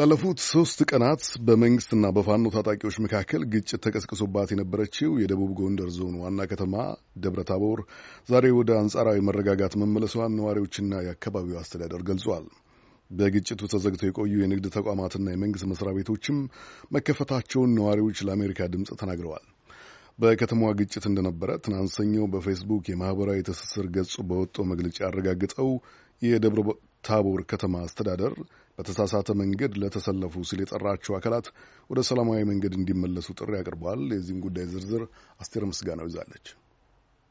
ላለፉት ሶስት ቀናት በመንግስትና በፋኖ ታጣቂዎች መካከል ግጭት ተቀስቅሶባት የነበረችው የደቡብ ጎንደር ዞን ዋና ከተማ ደብረ ታቦር ዛሬ ወደ አንጻራዊ መረጋጋት መመለሷን ነዋሪዎችና የአካባቢው አስተዳደር ገልጿል። በግጭቱ ተዘግተው የቆዩ የንግድ ተቋማትና የመንግስት መስሪያ ቤቶችም መከፈታቸውን ነዋሪዎች ለአሜሪካ ድምፅ ተናግረዋል። በከተማዋ ግጭት እንደነበረ ትናንት ሰኞ በፌስቡክ የማህበራዊ ትስስር ገጹ በወጣው መግለጫ ያረጋግጠው ታቦር ከተማ አስተዳደር በተሳሳተ መንገድ ለተሰለፉ ሲል የጠራቸው አካላት ወደ ሰላማዊ መንገድ እንዲመለሱ ጥሪ አቅርበዋል። የዚህን ጉዳይ ዝርዝር አስቴር ምስጋናው ይዛለች።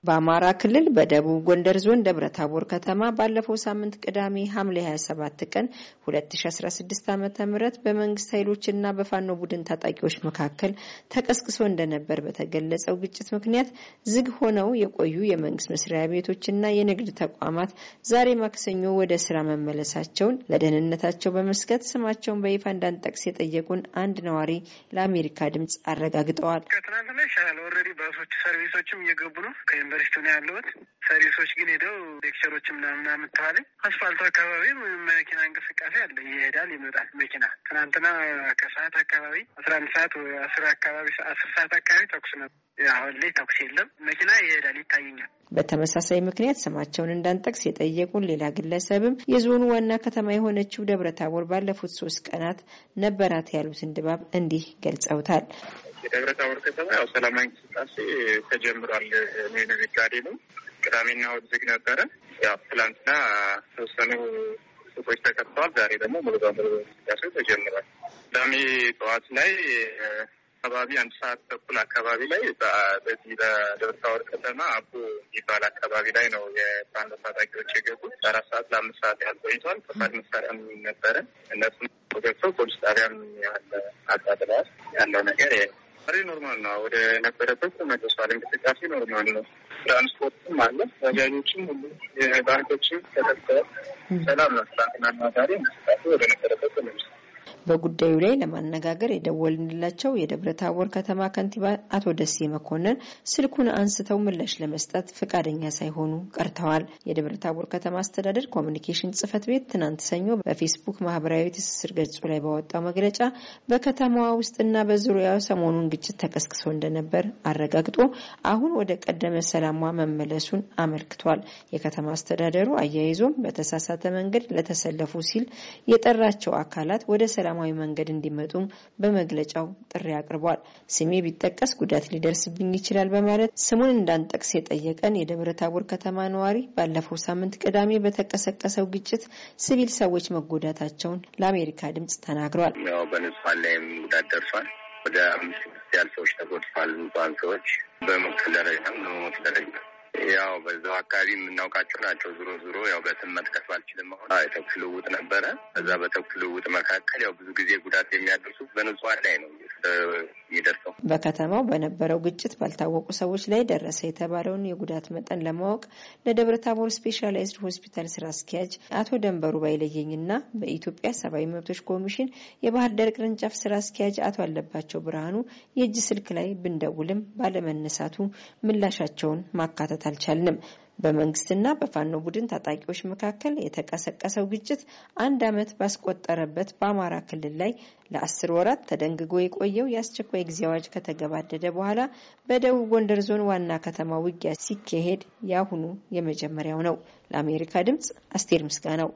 በአማራ ክልል በደቡብ ጎንደር ዞን ደብረ ታቦር ከተማ ባለፈው ሳምንት ቅዳሜ ሐምሌ 27 ቀን 2016 ዓ ም በመንግስት ኃይሎችና በፋኖ ቡድን ታጣቂዎች መካከል ተቀስቅሶ እንደነበር በተገለጸው ግጭት ምክንያት ዝግ ሆነው የቆዩ የመንግስት መስሪያ ቤቶችና የንግድ ተቋማት ዛሬ ማክሰኞ ወደ ስራ መመለሳቸውን ለደህንነታቸው በመስጋት ስማቸውን በይፋ እንዳንጠቅስ የጠየቁን አንድ ነዋሪ ለአሜሪካ ድምጽ አረጋግጠዋል። ከትናንት ላይ ኦልሬዲ ባሶች ሰርቪሶችም እየገቡ ነው ዩኒቨርሲቲ ነው ያለሁት። ሰሪሶች ግን ሄደው ሌክቸሮች ምናምን አምጥተዋል። አስፋልቱ አካባቢ መኪና እንቅስቃሴ አለ፣ ይሄዳል ይመጣል መኪና። ትናንትና ከሰዓት አካባቢ አስራ አንድ ሰዓት አስር አካባቢ አስር ሰዓት አካባቢ ተኩስ ነበር። አሁን ላይ ተኩስ የለም። መኪና ይሄዳል ይታየኛል። በተመሳሳይ ምክንያት ስማቸውን እንዳንጠቅስ የጠየቁን ሌላ ግለሰብም የዞኑ ዋና ከተማ የሆነችው ደብረ ታቦር ባለፉት ሶስት ቀናት ነበራት ያሉትን ድባብ እንዲህ ገልጸውታል። የደብረ ታቦር ከተማ ያው ሰላማዊ እንቅስቃሴ ተጀምሯል። ሜነ ነጋዴ ነው። ቅዳሜና እሑድ ዝግ ነበረ። ያው ትላንትና ተወሰኑ ሱቆች ተከፍተዋል። ዛሬ ደግሞ ሙሉ በሙሉ እንቅስቃሴው ተጀምሯል። ቅዳሜ ጠዋት ላይ አካባቢ አንድ ሰዓት ተኩል አካባቢ ላይ በዚህ በደብረ ታቦር ከተማ አቦ የሚባል አካባቢ ላይ ነው የባንዳ ታጣቂዎች የገቡት። አራት ሰዓት ለአምስት ሰዓት ያህል ቆይቷል። ከባድ መሳሪያም ነበረ። እነሱም ገብተው ፖሊስ ጣቢያም ያለ አጣጥለዋል። ያለው ነገር ዛሬ ኖርማል ነው። ወደ ነበረበት መድረሷል። እንቅስቃሴ ኖርማል ነው። ትራንስፖርትም አለ፣ ባጃጆችም ሁሉ ባንኮችም ተጠቅተዋል። ሰላም ነው። ትናንትናና ዛሬ እንቅስቃሴ ወደ ነበረበት ተመልሷል። በጉዳዩ ላይ ለማነጋገር የደወልንላቸው የደብረ ታቦር ከተማ ከንቲባ አቶ ደሴ መኮንን ስልኩን አንስተው ምላሽ ለመስጠት ፈቃደኛ ሳይሆኑ ቀርተዋል። የደብረ ታቦር ከተማ አስተዳደር ኮሚኒኬሽን ጽህፈት ቤት ትናንት ሰኞ በፌስቡክ ማህበራዊ ትስስር ገጹ ላይ ባወጣው መግለጫ በከተማዋ ውስጥና በዙሪያው ሰሞኑን ግጭት ተቀስቅሶ እንደነበር አረጋግጦ አሁን ወደ ቀደመ ሰላሟ መመለሱን አመልክቷል። የከተማ አስተዳደሩ አያይዞም በተሳሳተ መንገድ ለተሰለፉ ሲል የጠራቸው አካላት ወደ ሰላም በሰላማዊ መንገድ እንዲመጡም በመግለጫው ጥሪ አቅርቧል። ስሜ ቢጠቀስ ጉዳት ሊደርስብኝ ይችላል በማለት ስሙን እንዳንጠቅስ የጠየቀን የደብረ ታቦር ከተማ ነዋሪ ባለፈው ሳምንት ቅዳሜ በተቀሰቀሰው ግጭት ሲቪል ሰዎች መጎዳታቸውን ለአሜሪካ ድምጽ ተናግሯል። ያው ላይም ጉዳት ደርሷል። ወደ አምስት ያህል ሰዎች ተጎድተዋል። ንጹሐን ሰዎች በሞት ደረጃ በሞት ደረጃ ያው በዛው አካባቢ የምናውቃቸው ናቸው። ዞሮ ዞሮ ያው በስም መጥቀስ ባልችልም አሁን የተኩስ ልውውጥ ነበረ። በዛ በተኩስ ልውውጥ መካከል ያው ብዙ ጊዜ ጉዳት የሚያደርሱት በንጹሃን ላይ ነው። የሚደርሰው። በከተማው በነበረው ግጭት ባልታወቁ ሰዎች ላይ ደረሰ የተባለውን የጉዳት መጠን ለማወቅ ለደብረ ታቦር ስፔሻላይዝድ ሆስፒታል ስራ አስኪያጅ አቶ ደንበሩ ባይለየኝና በኢትዮጵያ ሰብአዊ መብቶች ኮሚሽን የባህር ዳር ቅርንጫፍ ስራ አስኪያጅ አቶ አለባቸው ብርሃኑ የእጅ ስልክ ላይ ብንደውልም ባለመነሳቱ ምላሻቸውን ማካተት አልቻልንም። በመንግስትና በፋኖ ቡድን ታጣቂዎች መካከል የተቀሰቀሰው ግጭት አንድ ዓመት ባስቆጠረበት በአማራ ክልል ላይ ለአስር ወራት ተደንግጎ የቆየው የአስቸኳይ ጊዜ አዋጅ ከተገባደደ በኋላ በደቡብ ጎንደር ዞን ዋና ከተማ ውጊያ ሲካሄድ የአሁኑ የመጀመሪያው ነው። ለአሜሪካ ድምጽ አስቴር ምስጋናው